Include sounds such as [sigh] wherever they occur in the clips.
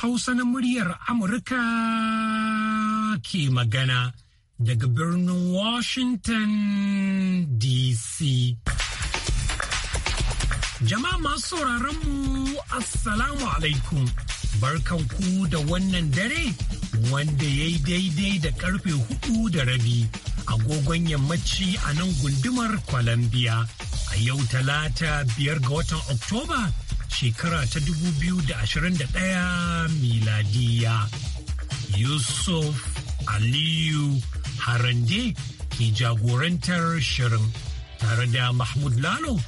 Hausa na muryar Amurka ke magana daga birnin Washington DC. Jama'a masu mu Assalamu alaikum. Barkanku da wannan dare wanda ya yi daidai da karfe hudu da rabi agogon yammaci a nan gundumar Columbia. A yau talata biyar ga watan Oktoba shekara ta dubu biyu da da ashirin 2021 miladiya. Yusuf Aliyu Harande ke jagorantar shirin tare da Mahmud Lalo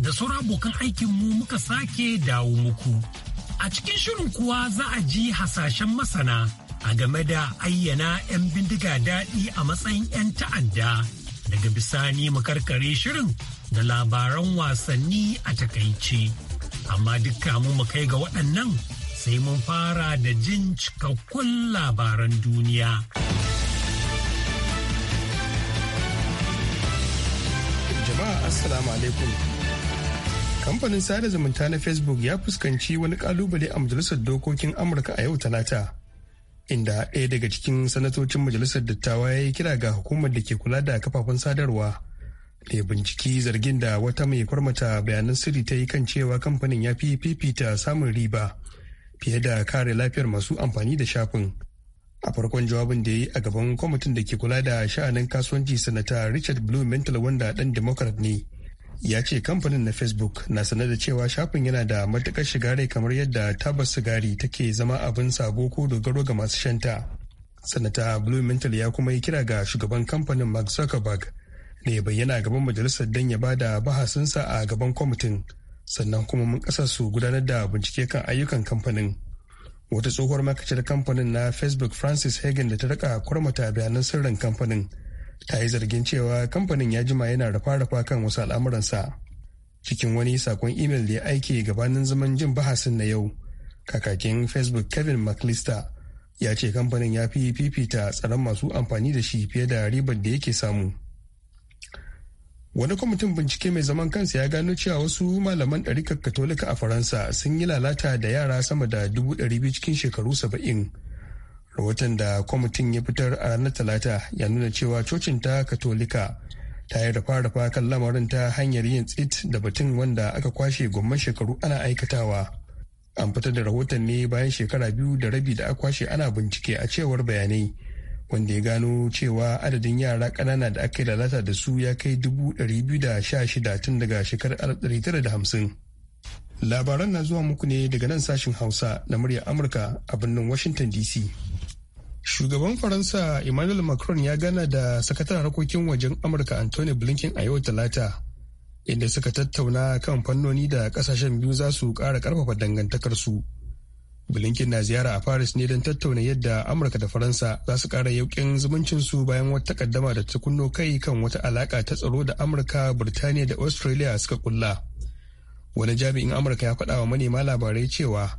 da sauran abokan aikinmu muka sake dawo muku. A cikin shirin kuwa za a ji hasashen masana a game da ayyana 'yan bindiga daɗi a matsayin 'yan ta'adda. Daga bisani makarkare shirin da labaran wasanni a takaice. Amma duk kamun mu kai ga waɗannan sai mun fara da jin cikakkun labaran duniya. Jama'a Assalamu alaikum. Kamfanin sada zumunta na Facebook ya fuskanci wani kalubale a Majalisar Dokokin Amurka a yau Talata. inda ɗaya daga cikin sanatocin majalisar dattawa ya yi kira ga hukumar da ke kula da kafafen sadarwa ya binciki zargin da wata mai kwarmata bayanan sirri ta yi kan cewa kamfanin ya fi fifita samun riba fiye da kare lafiyar masu amfani da shafin a farkon jawabin da ya yi a gaban kwamitin da ke kula da sha'anin kasuwanci sanata richard blumenthal wanda dan democrat ne ya ce kamfanin na facebook na sane da cewa shafin yana da matukar shiga rai kamar yadda tabar sigari take zama abin sabo ko dogaro ga masu shanta sanata blumenthal ya kuma yi kira ga shugaban kamfanin mark zuckerberg da ya bayyana a gaban majalisar don ya bada bahasinsa a gaban kwamitin sannan kuma mun kasar su gudanar da bincike kan ayyukan kamfanin wata tsohuwar makacin kamfanin na facebook francis hagen da ta rika kwarmata bayanan sirrin kamfanin ta yi zargin cewa kamfanin ya jima yana rafa-rafa kan wasu al'amuransa cikin wani sakon imel da ya aike gabanin zaman jin bahasin na yau kakakin facebook kevin mclister ya ce kamfanin ya fi fifita tsaron masu amfani da shi fiye da ribar da yake samu wani kwamitin bincike mai zaman kansa ya gano cewa wasu malaman ɗarikar katolika a faransa sun yi lalata da yara sama da dubu ɗari biyu cikin shekaru saba'in rahoton da kwamitin ya fitar a ranar talata ya nuna cewa cocin ta katolika ta yi rafa-rafa kan lamarin ta hanyar yin tsit da batun wanda aka kwashe gwamman shekaru ana aikatawa an fitar da rahoton ne bayan shekara biyu da rabi da aka kwashe ana bincike a cewar bayanai wanda ya gano cewa adadin yara ƙanana da aka yi lalata da su ya kai 216 tun daga shekarar 1950. Labaran na zuwa muku ne daga nan sashen Hausa na muryar Amurka a birnin Washington DC. Shugaban Faransa Emmanuel Macron ya gana da sakataren harkokin wajen Amurka Anthony Blinken a yau Talata, inda suka tattauna kan fannoni da kasashen biyu za su ƙara ƙarfafa dangantakarsu. su. blinken na ziyara a paris ne don tattauna yadda amurka da faransa za su kara yaukin zumuncinsu bayan wata takaddama da ta kunno kai kan wata alaka ta tsaro da amurka birtaniya da australia suka kulla wani jami'in amurka ya faɗa wa manema labarai cewa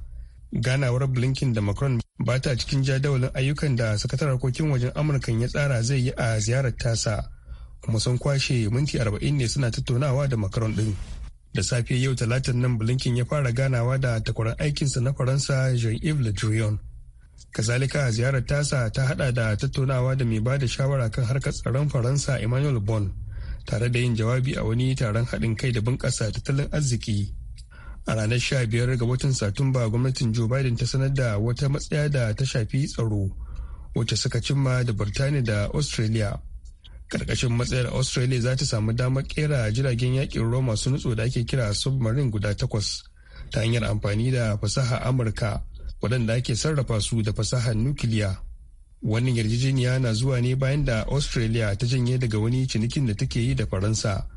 ganawar blinken da macron ba ta cikin jadawalin ayyukan da sakatar harkokin wajen amurkan ya tsara zai yi a ziyarar tasa kuma sun kwashe minti arba'in ne suna tattaunawa da macron ɗin. da safe yau talatin nan blinken ya fara ganawa da takwaran aikinsa na faransa jean-yves le drian kazalika ziyarar tasa ta hada da tattaunawa da mai ba da shawara kan harkar tsaron faransa emmanuel bon tare da yin jawabi a wani taron haɗin kai da bunƙasa tattalin arziki a ranar sha biyar ga watan satumba gwamnatin joe biden ta sanar da wata matsaya da ta shafi tsaro wacce suka cimma da birtaniya da australia karkashin matsayar australia za ta samu damar kera jiragen yakin ruwa masu nutso da ake kira submarine guda takwas ta hanyar amfani da fasaha amurka waɗanda ake sarrafa su da fasahar nukiliya wannan yarjejeniya na zuwa ne bayan da australia ta janye daga wani cinikin da take yi da faransa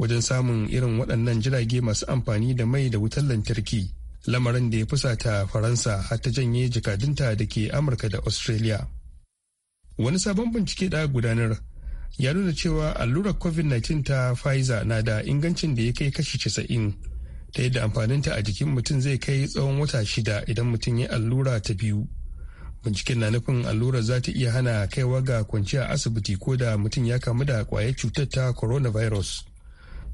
wajen samun irin waɗannan jirage masu amfani da mai da wutar lantarki lamarin da ya fusata faransa har ta janye jakadunta da ke amurka da australia wani sabon bincike da gudanar ya nuna cewa allurar covid-19 ta pfizer na da ingancin da ya kai kashi casa'in ta yadda amfaninta a jikin mutum zai kai tsawon wata shida idan mutum ya allura ta biyu binciken na nufin allurar za ta iya hana kaiwa ga kwanciya asibiti ko da mutum ya kamu da kwayar cutar ta coronavirus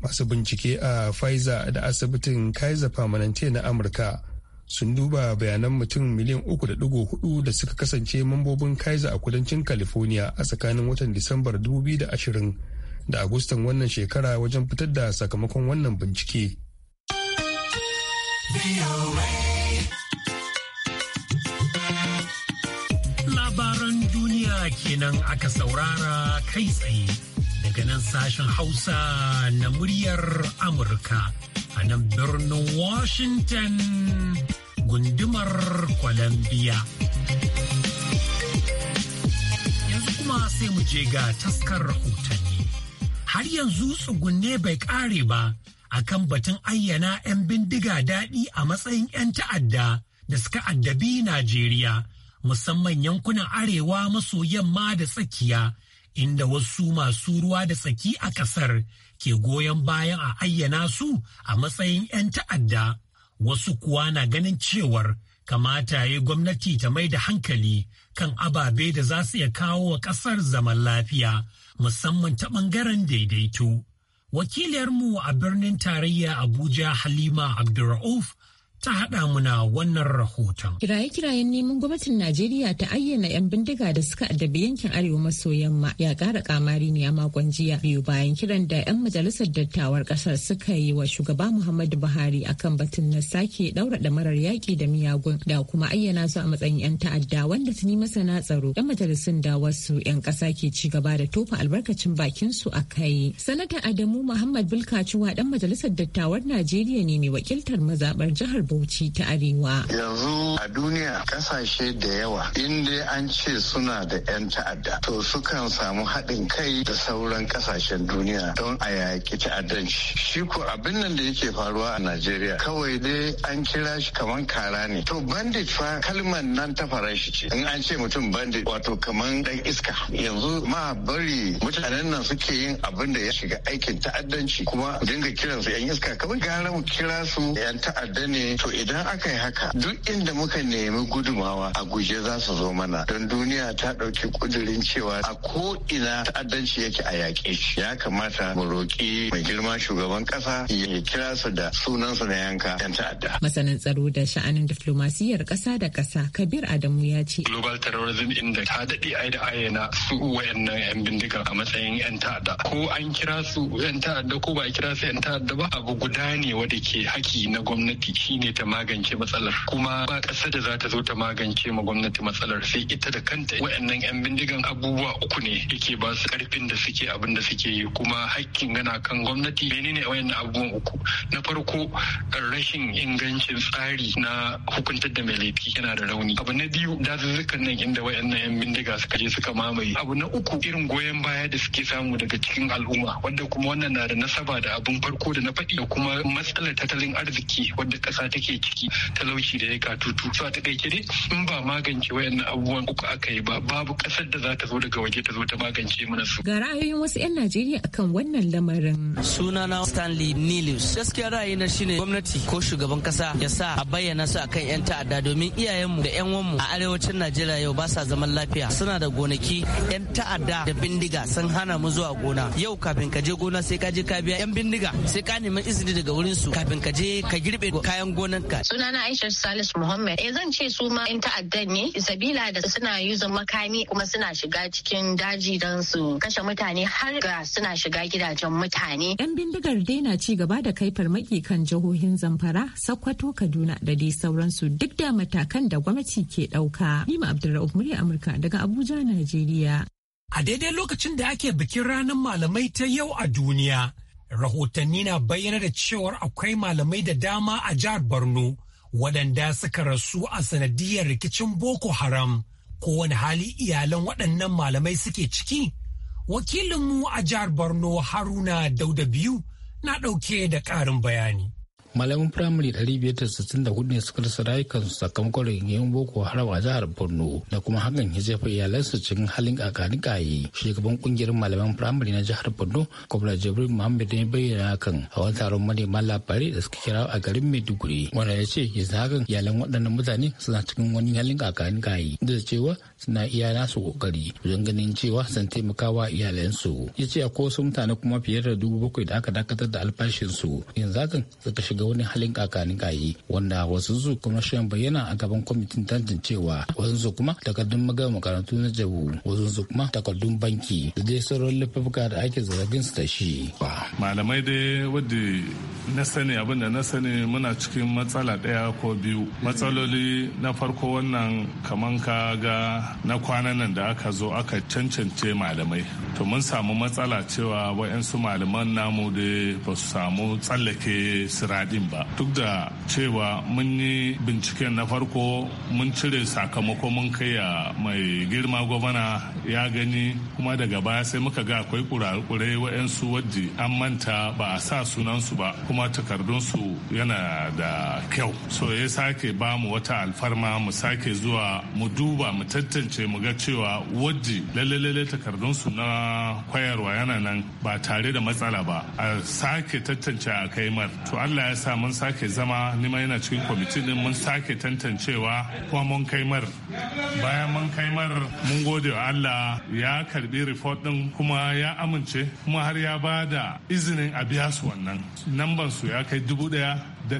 masu bincike a pfizer da asibitin kaiser permanente na amurka sun duba bayanan mutum miliyan uku da digo hudu da suka kasance mambobin kaiza a kudancin california a tsakanin watan disambar 2020 da agustan wannan shekara wajen fitar da sakamakon wannan bincike labaran duniya kenan aka saurara kai tsaye daga nan sashen hausa na muryar amurka a nan birnin Washington gundumar Columbia. Yanzu kuma sai mu je ga taskar rahotanni. Har yanzu tsugunne bai ƙare ba a kan batun ayyana 'yan bindiga daɗi a matsayin 'yan ta'adda da suka addabi Najeriya, musamman yankunan arewa maso yamma da tsakiya inda wasu masu ruwa da tsaki a kasar ke goyon bayan a ayyana su a matsayin 'yan ta'adda wasu kuwa na ganin cewar kamata ya gwamnati ta mai da hankali kan ababe da za su iya kawo wa kasar zaman lafiya musamman ta ɓangaren daidaito wakiliyarmu a birnin tarayya abuja halima abdulra'uf ta haɗa muna wannan rahoton. Kiraye-kirayen neman gwamnatin Najeriya ta ayyana 'yan bindiga da suka addabi yankin Arewa maso yamma ya ƙara kamari ne a makon jiya biyu bayan kiran da 'yan majalisar dattawar ƙasar suka yi wa shugaba Muhammadu Buhari akan batun na sake ɗaura ɗamarar yaƙi da miyagun da kuma ayyana su a matsayin 'yan ta'adda wanda tuni masana tsaro 'yan majalisun da wasu 'yan ƙasa ke ci gaba da tofa albarkacin bakin su a kai. Sanata Adamu Muhammad Bilkacuwa, ɗan majalisar dattawar Najeriya ne mai wakiltar mazaɓar jihar Bauchi ta Arewa. Yanzu a duniya kasashe da yawa inda an ce suna da 'yan ta'adda to sukan samu haɗin kai da sauran kasashen duniya don a yaƙi ta'addanci. Shi ko abin nan da yake faruwa a Najeriya kawai dai an kira shi kaman kara ne. To bandit fa kalmar nan ta faranshi ce. In an ce mutum bandit wato kamar dan iska. Yanzu ma bari mutanen nan suke yin abin da ya shiga aikin ta'addanci kuma dinga kiransu 'yan iska kamar gara mu kira su 'yan ta'adda ne to idan aka yi haka duk inda muka nemi gudumawa a guje za su zo mana don duniya ta ɗauki kudurin cewa a ko ina ta'addanci yake a yaƙe shi ya kamata mu roƙi mai girma shugaban ƙasa ya kira su da sunansa na yanka yan ta'adda. Masanin tsaro da sha'anin diflomasiyyar ƙasa da ƙasa Kabir Adamu ya ce. Global terrorism inda ta daɗe ai da ayyana su wayannan 'yan bindiga a matsayin 'yan ta'adda ko an kira su 'yan ta'adda ko ba a kira su 'yan ta'adda ba abu guda ne wanda ke haki na gwamnati shine ta magance matsalar kuma ba ƙasa da za ta zo ta magance ma gwamnati matsalar sai ita da kanta waɗannan 'yan bindigan abubuwa uku ne yake ba su ƙarfin da suke abin da suke yi kuma hakkin gana kan gwamnati menene waɗannan abubuwan uku na farko rashin ingancin tsari na hukuntar da mai laifi yana da rauni abu na biyu dazuzzukan nan inda wayannan yan bindiga suka je suka mamaye abu na uku irin goyon baya da suke samu daga cikin al'umma wanda kuma wannan na da nasaba da abun farko da na faɗi da kuma matsalar tattalin arziki wadda ƙasa ta ake ciki talauci da ya katutu so a takaice dai in ba magance wayannan abubuwan uku aka yi ba babu kasar da za ta zo daga waje ta zo ta magance mana su ga ra'ayoyin wasu 'yan Najeriya akan wannan lamarin sunana Stanley nilus gaskiya ra'ayina shine gwamnati ko shugaban kasa ya sa a bayyana su akan 'yan ta'adda domin iyayenmu da 'yan wanmu a arewacin Najeriya yau ba sa zaman lafiya suna da gonaki 'yan ta'adda da bindiga sun hana mu zuwa gona yau kafin ka je gona sai ka je ka biya 'yan bindiga sai ka nemi izini daga wurin su kafin ka je ka girbe kayan gonanka. Sunana Aisha Salisu Muhammad. Eh zan ce su ma in ta'addan ne sabila da suna yuzin makami kuma suna shiga cikin daji don su kashe mutane har ga suna shiga gidajen mutane. Yan bindigar dai na ci gaba da kai farmaki kan jihohin Zamfara, Sokoto, Kaduna da dai sauransu duk da matakan da gwamnati ke ɗauka. Nima Abdulrahman murya Amurka daga Abuja, Najeriya. A daidai lokacin da ake bikin ranar malamai ta yau a duniya. rahotanni na bayyana da cewar akwai malamai da dama a jihar borno waɗanda suka rasu a sanadiyar rikicin boko haram kowane hali iyalan waɗannan malamai suke ciki wakilinmu a jihar borno haruna dauda biyu na ɗauke da ƙarin bayani malamin firamare dari hudu ne suka rasa rayukansu sakamakon rigingimin boko haram a jihar borno da kuma hakan ya jefa iyalansu cikin halin kakanikaye shugaban kungiyar malaman firamare na jihar borno kwamra jibril muhammad ne bayyana hakan a wani taron manema labarai da suka kira a garin maiduguri wanda ya ce yanzu hakan iyalan waɗannan mutane suna cikin wani halin kakanikaye da cewa suna iya nasu kokari don ganin cewa sun taimakawa iyalansu ya ce ko wasu mutane kuma fiye da dubu bakwai da aka dakatar da albashinsu yanzu hakan suka shiga wani halin kakanin kayi wanda wasu su kuma shan bayyana a gaban kwamitin tantancewa wasu su kuma takardun magana makarantu na jabu wasu su kuma takardun banki da dai sauran lafafuka da ake zargin su da shi. malamai dai wadda na sani abin na sani muna cikin matsala ɗaya ko biyu matsaloli na farko wannan kaman ka ga na kwanan nan da aka zo aka cancance malamai to mun samu matsala cewa wayansu malaman namu da ba su samu tsallake siradin ba duk da cewa mun yi binciken na farko mun cire sakamako mun kai ya mai girma gwamna ya gani kuma daga baya sai muka ga akwai kurakurai wayansu wadda an manta ba a sa sunansu ba kuma kuma takardunsu yana da kyau so ya sake ba mu wata alfarma mu sake zuwa mu duba mu tantance mu ga cewa waji lalle takardunsu na kwayarwa yana nan ba tare da matsala ba a sake tantance a kai mar to allah ya sa mun sake zama nima yana cikin kwamitin din mun sake tantancewa kuma mun kai mar bayan mun kai mar mun gode wa allah ya karbi report din kuma ya amince kuma har ya ba da izinin a biya su wannan lambar su ya kai dubu daya da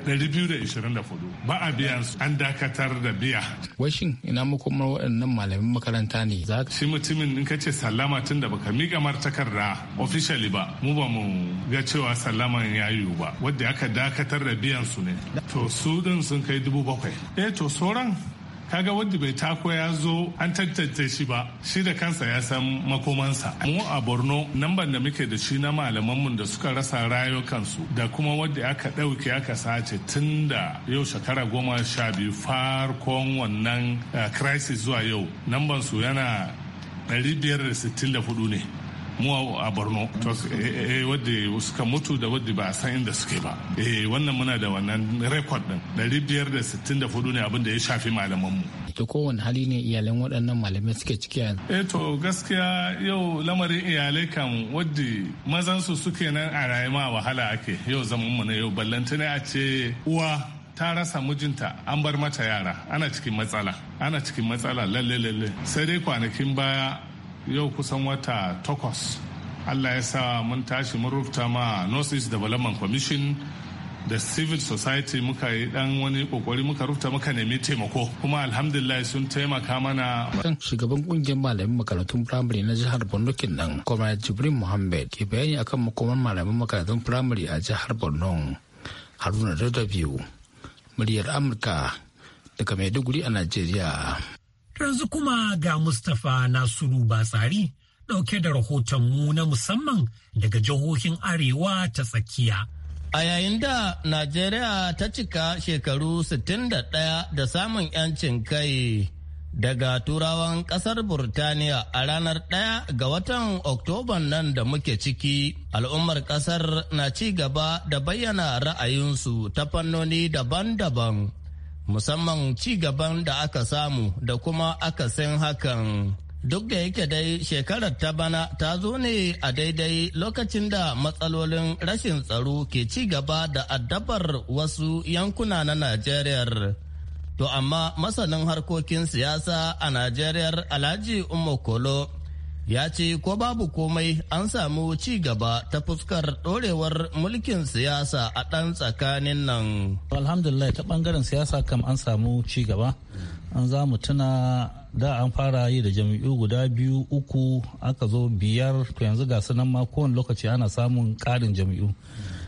ba a biyan su an dakatar da biya. Washin ina makomar waɗannan malamin makaranta ne za Shi mutumin in ka ce sallama tun da baka miƙa mar takarda officially ba mu ba mu ga cewa sallaman ya yiwu ba wadda aka dakatar da biyan su ne. To su din sun kai dubu bakwai. Eh to sauran ta ga wanda bai tako ya zo an tantance shi ba shi da kansa ya san makomansa mu a borno namban da muke da shi na malamanmu da suka rasa rayukansu da kuma wanda aka ɗauke aka sace tun da yau shekara goma sha biyu farkon wannan eh, crisis zuwa yau namban su yana 564 ne mu a borno eh, eh, eh, wadda suka mutu da wadda ba a san inda suke ba wannan muna da wannan rekod din dari biyar da sittin da hudu ne abin da ya shafi malamanmu to kowane hali ne iyalan waɗannan malamai suke ciki yanzu eh to gaskiya yau lamarin iyalai kan wadda mazansu suke nan a rayuwa wahala ake yau zaman mu na yau ne a ce uwa ta rasa mijinta an bar mata yara ana cikin matsala ana cikin matsala lalle lalle sai dai kwanakin baya yau kusan wata takwas allah ya sa mun tashi mun rubuta ma north east development commission da civil society muka yi dan wani kokari muka rubuta muka nemi taimako kuma alhamdulillah sun taimaka mana shugaban kungiyar malamin makarantun primary na jihar borno kenan kuma jibrin muhammed ke bayani akan makoman malamin makarantun primary a jihar borno haruna da biyu muryar amurka daga maiduguri a nigeria. Yanzu kuma ga Mustapha Nasiru Batsari ɗauke da rahotonmu na musamman daga jihohin Arewa ta tsakiya. A yayin da Najeriya ta cika shekaru 61 da samun 'yancin kai daga turawan ƙasar Burtaniya a ranar ɗaya ga watan Oktoban nan da muke ciki, al'ummar ƙasar na ci gaba da bayyana ra'ayinsu ta fannoni daban-daban. musamman ci gaban da aka samu da kuma aka san hakan. Duk da yake dai shekarar ta bana ta zo ne a daidai lokacin da matsalolin rashin tsaro ke ci gaba da addabar wasu yankuna na Najeriya. To amma masanin harkokin siyasa a Najeriya Alhaji Umar Kolo ya ce ko babu komai an samu ci gaba ta fuskar dorewar mulkin siyasa a ɗan tsakanin nan. alhamdulillah ta ɓangaren siyasa kam an samu ci gaba an za mu tuna da an fara yi da jam'iyyu guda biyu uku aka zo biyar to yanzu ga sunan ma kowane lokaci ana samun ƙarin jam'iyyu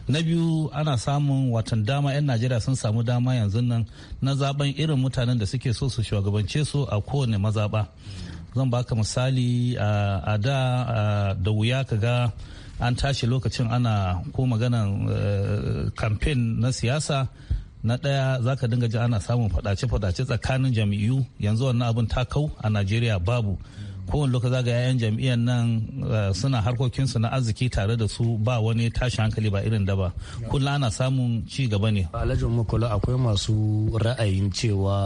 na biyu ana samun watan dama 'yan najeriya sun samu dama yanzu nan na zaben irin mutanen da suke so su shugabance su a kowane mazaɓa zan baka misali a da da wuya ka ga an tashi lokacin ana ko maganan kamfen eh, na siyasa na ɗaya za ka dinga ji ana samun fadace-fadace tsakanin jam'iyyu yanzu wannan abin ta kau a najeriya babu kowane lokaci ga 'ya'yan jam'iyyar nan eh, suna harkokinsu na arziki tare da su ba wani tashi hankali ba irin da ba kullum ana samun ci gaba ne alhaji makula akwai masu ra'ayin cewa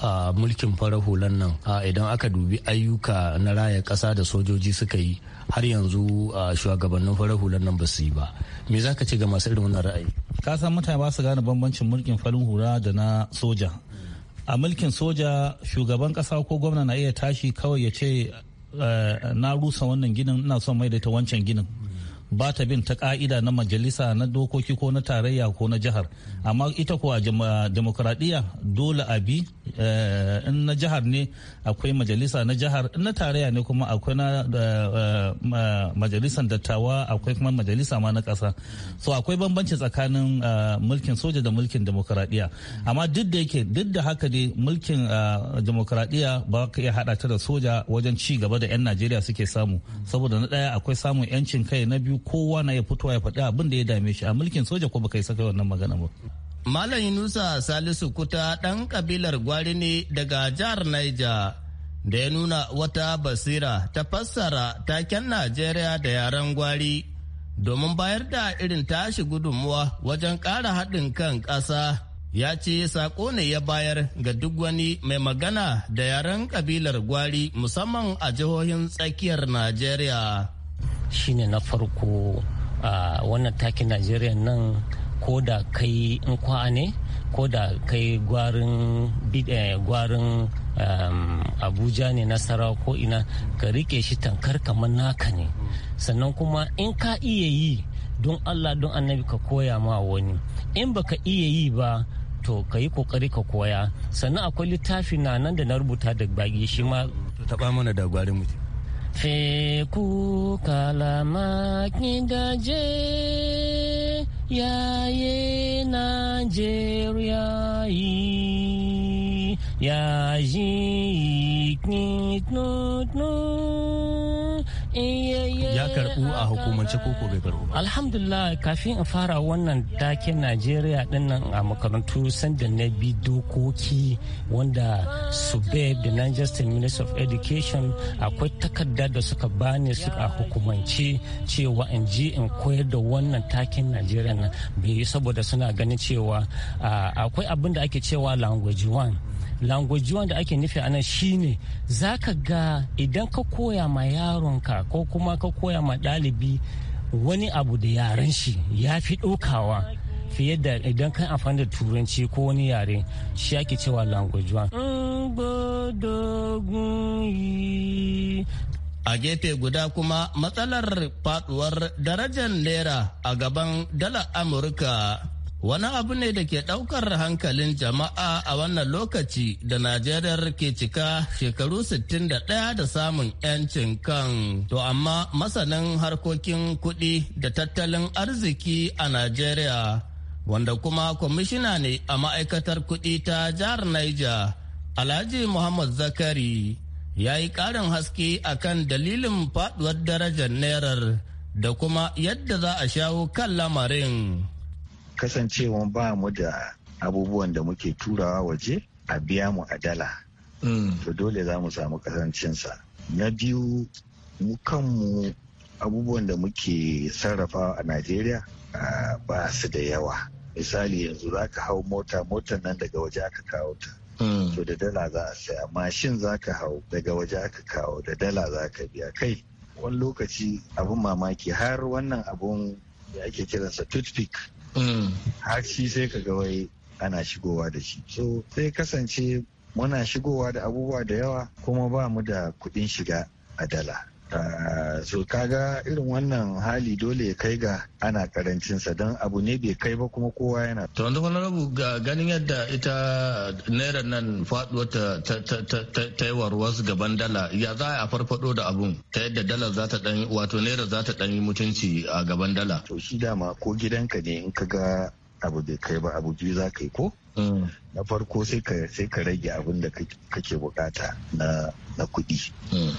a mulkin fara hulan nan idan aka dubi ayyuka na raya kasa da sojoji suka yi har yanzu a shugabannin fara hulan nan ba su yi ba me za ka ce ga masu irin wannan ra'ayi ka san mutane ba su gane bambancin mulkin farin hura da na soja a mulkin soja shugaban ƙasa ko gwamna na iya tashi kawai ya ce eh, na rusa wannan ginin ina son ta wancan ginin ba ta bin ta ka'ida na majalisa na dokoki ko na tarayya ko na jihar amma ita kuwa demokradiyya dole a bi eh, in na jihar ne akwai majalisa na jihar in na tarayya ne kuma akwai na eh, majalisan dattawa akwai kuma majalisa ma na kasa so akwai bambanci tsakanin eh, mulkin soja da mulkin demokradiyya amma duk da yake duk da haka ne mulkin demokradiyya ba ka iya haɗa ta da soja wajen ci gaba da 'yan najeriya suke samu saboda na ɗaya akwai samun 'yancin kai na biyu kowa na ya fito ya faɗi abin da ya dame shi a mulkin soja ko baka yi saka wannan magana ba Malam Yunusa Salisu Kuta ɗan kabilar gwari ne daga jihar Niger da ya nuna wata basira ta fassara taken Najeriya da yaren gwari domin bayar da irin tashi gudunmuwa wajen ƙara haɗin kan ƙasa ya ce saƙo ne ya bayar ga duk wani mai magana da yaren kabilar gwari musamman a jihohin tsakiyar Najeriya. shine na farko a wannan takin najeriya nan ko da kai in kwa'a ne ko da kai gwarin eh, gwarin abuja ne nasara ko ina ka rike shi tankar kamar naka ne sannan kuma in ka iya yi don allah don annabi ka koya ma wani in baka iya yi ba to ka yi kokari ka koya sannan akwai littafi na nan da na rubuta da baki shi ma mana da gwarin mutum feku kalama gidaje yaye Najeriya yi yaji knit Eh, ya karbu a hukumance koko bai karbu ba alhamdulillah kafin in fara wannan dakin najeriya dinnan a makarantu sanda na bi dokoki wanda su da niger state minister of education akwai takarda da suka bani suka hukumance cewa in je in koyar da wannan takin najeriya nan bai saboda suna ganin cewa ah, akwai abin da ake cewa language one language wanda ake nufi anan shine za ka ga idan ka koya ma yaronka ko kuma ka koya ma ɗalibi wani abu da yaren shi ya fi ɗaukawa fiye da idan kan amfani da turanci ko wani yare shi ake cewa language one. A gefe guda kuma matsalar faduwar darajar naira a gaban dalar Amurka Wani abu ne da ke ɗaukar hankalin jama'a a wannan lokaci da Najeriya ke cika shekaru 61 da samun 'yancin kan. To amma masanin harkokin kuɗi da tattalin arziki a Najeriya, wanda kuma kwamishina ne a ma'aikatar kuɗi ta jihar Niger, Alhaji Muhammad Zakari, ya yi ƙarin haske a kan dalilin faɗuwar darajar nairar da kuma yadda za a shawo kan lamarin. Kasancewa ba mu da abubuwan da muke turawa waje a biya mu a dala mm. to dole za mu samu kasancinsa na biyu mu kanmu abubuwan da muke sarrafa a najeriya ba su da yawa misali yanzu za ka hau mota motar nan daga waje aka kawo ta mm. to da dala za a saya mashin za ka hau daga waje aka kawo da dala za ka biya kai wani lokaci abin mamaki har wannan abun da ake kiransa toothpick har shi sai ka ga wai ana shigowa da shi so sai kasance muna shigowa da abubuwa da yawa kuma ba mu da kudin shiga a dala ah, so kaga irin wannan hali dole ya kai ga ana karancin sa don abu ne bai kai ba kuma kowa yana to wanda wani rabu ga ganin yadda ita naira nan faduwa ta ta ta ta gaban dala ya za a farfado da abun ta yadda dala za ta dan wato naira za ta dan yi mutunci a gaban dala to shi dama ko gidanka ne in ka ga abu bai kai ba abu biyu za ka yi ko mm. na farko sai ka rage abin da kake bukata na kuɗi mm.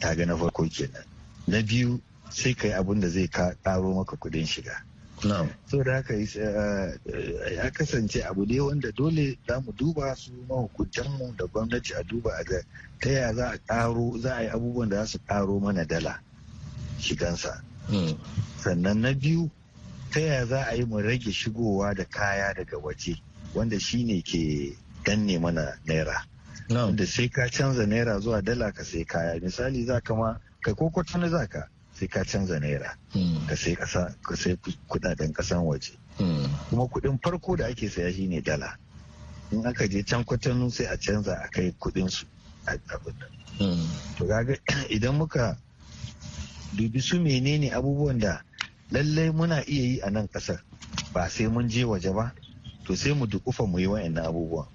ga na farko kenan na biyu sai kai abun da zai karo maka kudin shiga so da haka eh, eh, ya kasance abu ne wanda dole za mu duba su mahukuntanmu da gwamnati a duba a ga ta yaya za a karo za a yi abubuwan da za su karo mana dala shigansa hmm. sannan na biyu ta yaya za a yi mu rage shigowa da kaya daga waje wanda shine ke danne mana naira da sai ka canza naira zuwa dala ka sai kaya misali za ka ma kai ko kwatana za ka sai ka canza naira hmm. ka sai kasa ka sai kudaden kasan waje hmm. kuma kudin farko da ake saya shine dala in aka je can kwatano sai a canza a kai kudin su a hmm. to kaga [clears throat] idan muka dubi su menene abubuwan da lallai muna iya yi a nan kasar ba sai mun je waje ba to sai mu dukufa mu yi wa'annan abubuwan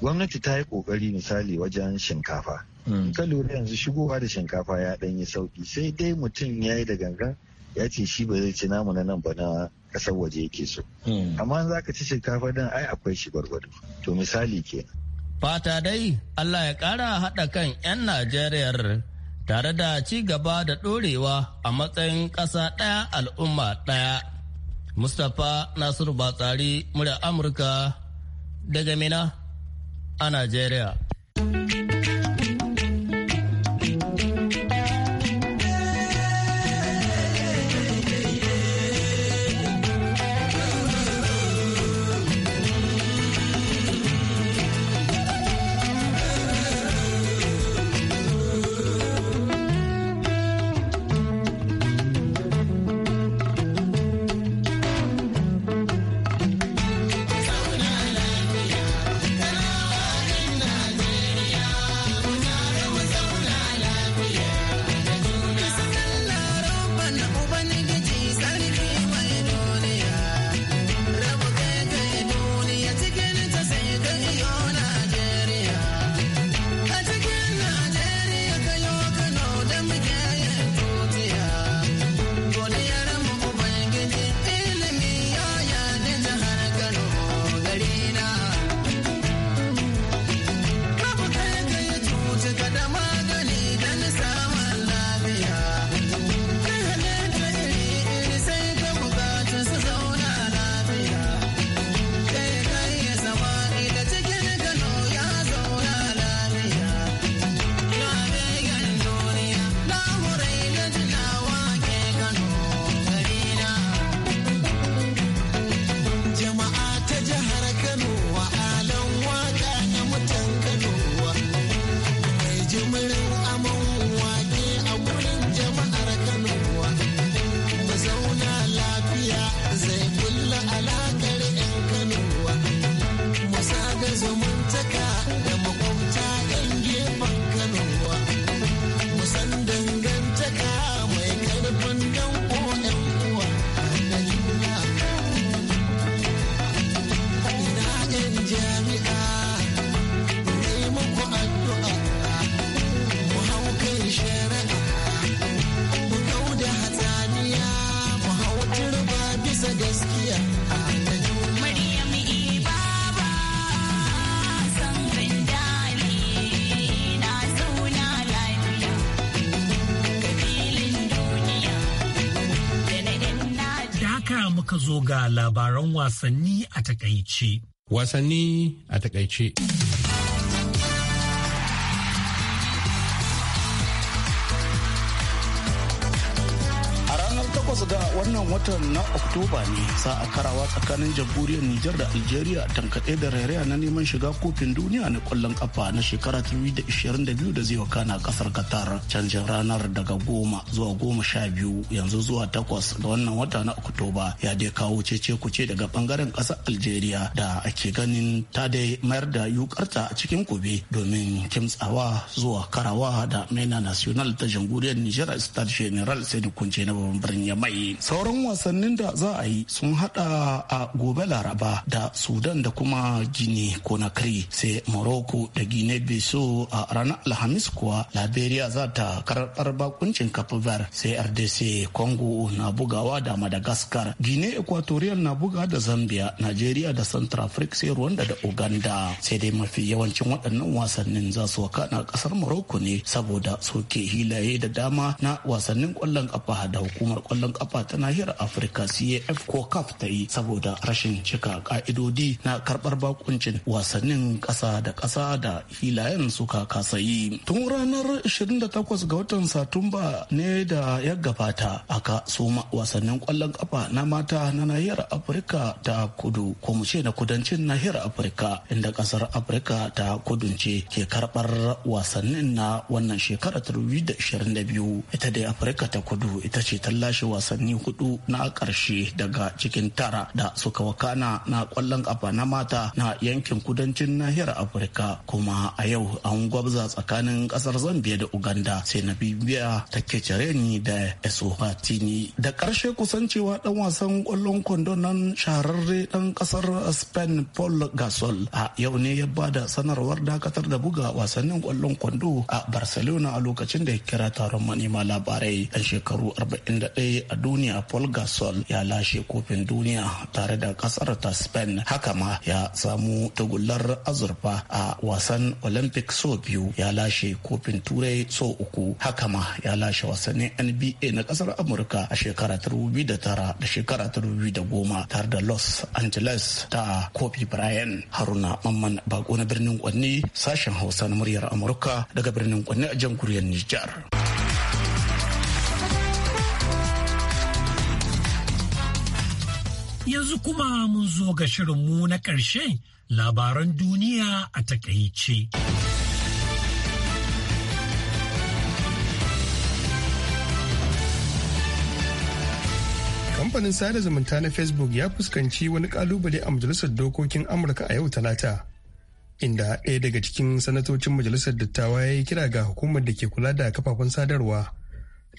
gwamnati ta yi kokari misali wajen shinkafa hmm. in ka yanzu shigowa da shinkafa ya dan yi sauki sai dai mutum ya yi da gangan ya ce shi ba zai ci namu na nan ba na kasar waje yake so hmm. amma za ka ci shinkafa dan ai akwai shi gwargwado to misali kenan fata dai Allah ya kara haɗa kan 'yan Najeriyar tare da ci gaba da dorewa a matsayin ƙasa ɗaya al'umma ɗaya. Mustapha Nasiru Batsari, murya Amurka daga Mina a Najeriya. da labaran wasanni a takaice. Wasanni a takaice. na oktoba ne za a karawa tsakanin jamhuriyar nijar da algeria tankaɗe da rairaya na neman shiga kofin duniya na kwallon kafa na shekara 2022 da zai wakana kasar qatar canjin ranar daga goma zuwa goma sha biyu yanzu zuwa takwas ga wannan wata na oktoba ya dai kawo cece kuce daga bangaren ƙasar algeria da ake ganin ta dai mayar da yukarta a cikin kube domin kimtsawa zuwa karawa da mena national ta jamhuriyar nijar stade general sai kunce na babban birnin mai sauran wasan wasannin da za a yi sun hada a gobe laraba da sudan da kuma gini konakri sai morocco da gine biso a ranar alhamis kuwa liberia za ta karbar bakuncin Verde sai rdc congo na bugawa da madagascar gine equatorial na buga da zambia nigeria da central africa sai rwanda da uganda sai dai mafi yawancin waɗannan wasannin za su na ƙasar morocco ne saboda soke hilaye da dama na wasannin ƙwallon ƙafa da hukumar ƙwallon ƙafa ta nahiyar afirka afirka caf ko caf ta yi saboda rashin cika ka'idodi na karbar bakuncin wasannin ƙasa da ƙasa da hilayen suka kasa yi tun ranar 28 ga watan satumba ne da ya gabata aka soma wasannin kwallon ƙafa na mata na nahiyar afirka ta kudu ko mu ce na kudancin nahiyar afirka inda ƙasar afirka ta kudunce ke karbar wasannin na wannan shekarar 2022 ita dai afirka ta kudu ita ce ta lashe wasanni hudu na karshe daga cikin tara da suka wakana na kwallon kafa na mata na yankin kudancin nahiyar Afirka kuma a yau an gwabza tsakanin ƙasar Zambia da Uganda sai na bibiya ta ni da Eswatini. Da karshe kusan dan wasan kwallon kwando nan shahararre dan kasar Spain Paul Gasol a yau ne ya ba da sanarwar dakatar da buga wasannin kwallon kwando a Barcelona a lokacin da ya kira taron manema labarai. dan shekaru 41 a duniya Paul Gasol Sol ya lashe kofin duniya tare da kasar ta Spain haka ma ya samu tagullar azurfa a wasan Olympic so biyu ya lashe kofin turai so uku haka ma ya lashe wasannin NBA na kasar Amurka a shekara ta tara da shekara ta goma tare da Los Angeles ta kofi Bryant Haruna Mamman Bako na birnin Kwanni sashen Hausa na muryar Amurka daga birnin Kwanni a jamhuriyar Nijar. Yanzu kuma mun zo ga shirinmu na ƙarshe labaran duniya a takaice. Kamfanin sada zumunta na Facebook ya fuskanci wani kalubale a Majalisar Dokokin Amurka a yau Talata, inda ɗaya daga cikin sanatocin Majalisar Dattawa ya yi kira ga hukumar da ke kula da kafafen sadarwa.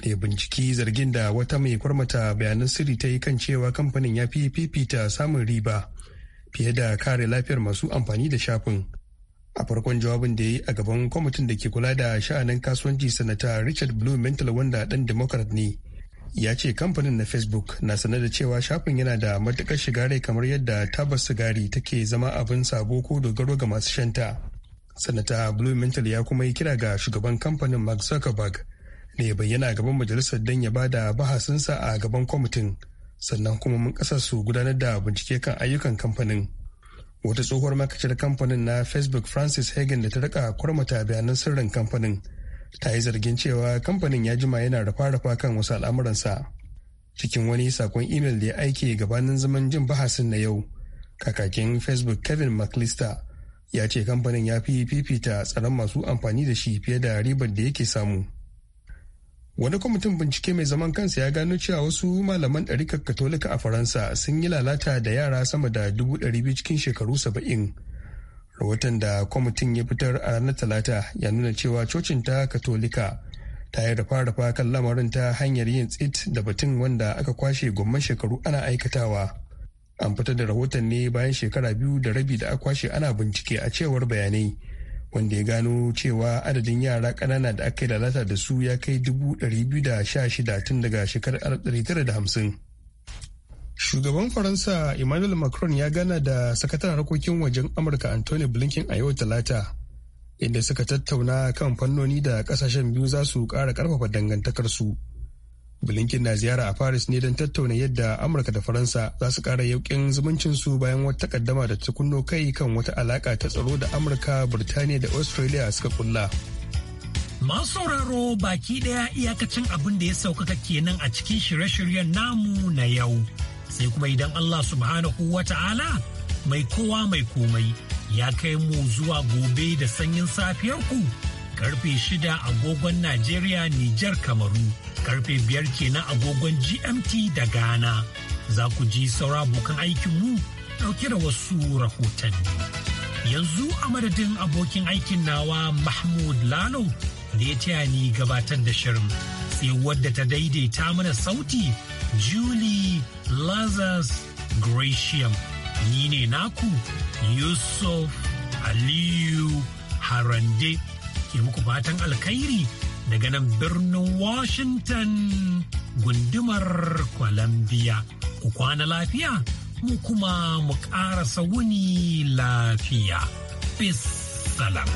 da ya binciki zargin da wata mai kwarmata bayanan sirri ta yi kan cewa kamfanin ya fi fifita samun riba fiye da kare lafiyar masu amfani da shafin a farkon jawabin da ya yi a gaban kwamitin da ke kula da sha'anin kasuwanci sanata richard blumenthal wanda dan democrat ne ya ce kamfanin na facebook na sanar da cewa shafin yana da matukar shiga rai kamar yadda tabar sigari take zama abin sabo ko dogaro ga masu shanta sanata blumenthal ya kuma yi kira ga shugaban kamfanin mark zuckerberg da bayyana gaban majalisar don ya bada bahasinsa a gaban kwamitin sannan kuma mun kasar su gudanar da bincike kan ayyukan kamfanin wata tsohuwar makacin kamfanin na facebook francis hagen da ta rika kwarmata bayanan sirrin kamfanin ta yi zargin cewa kamfanin ya jima yana rafa-rafa kan wasu al'amuransa cikin wani sakon imel da ya aike gabanin zaman jin bahasin na yau kakakin facebook kevin mclister ya ce kamfanin ya fi fifita tsaron masu amfani da shi fiye da ribar da yake samu wani kwamitin bincike mai zaman kansa ya gano cewa wasu malaman ɗarikar katolika a faransa sun yi lalata da yara sama da dubu ɗari biyu cikin shekaru saba'in rahoton da kwamitin ya fitar a ranar talata ya nuna cewa cocin ta katolika ta yi rafa rafa kan lamarin ta hanyar yin tsit da batun wanda aka kwashe gomman shekaru ana aikatawa an fitar da rahoton ne bayan shekara biyu da rabi da aka kwashe ana bincike a cewar bayanai wanda ya gano cewa adadin yara ƙanana da aka yi lalata da su ya kai 216 tun daga shekarar 1950. Shugaban Faransa Emmanuel Macron ya gana da sakataren harkokin wajen Amurka Anthony Blinken a yau Talata, inda suka tattauna kan fannoni da kasashen biyu za su ƙara ƙarfafa dangantakarsu. Blinken na ziyara a Paris ne don tattauna yadda Amurka da Faransa za su ƙara yauƙin zumuncinsu bayan wata takaddama da ta kunno kai kan wata alaƙa ta tsaro da Amurka, Birtaniya da Australia suka kulla. Masu sauraro baki ɗaya iyakacin abin da ya saukaka kenan a cikin shirye-shiryen namu na yau. Sai kuma idan Allah subhanahu wa ta'ala mai kowa mai komai ya kai mu zuwa gobe da sanyin safiyar ku. karfe shida agogon Najeriya Nijar Kamaru, karfe biyar kenan agogon GMT da Ghana. Za ku ji saura abokan aikinmu ɗauke da wasu rahotanni. Yanzu a madadin abokin aikin nawa Mahmud Lalo da ya taya ni gabatar da shirin. Sai wadda ta daidaita mana sauti Julie Lazarus Gratiam. Ni ne naku Yusuf Aliyu Harande. ke muku fatan alkhairi daga nan birnin Washington gundumar Columbia. Ku kwana lafiya, mu kuma mu ƙarasa wuni lafiya. Peace salam.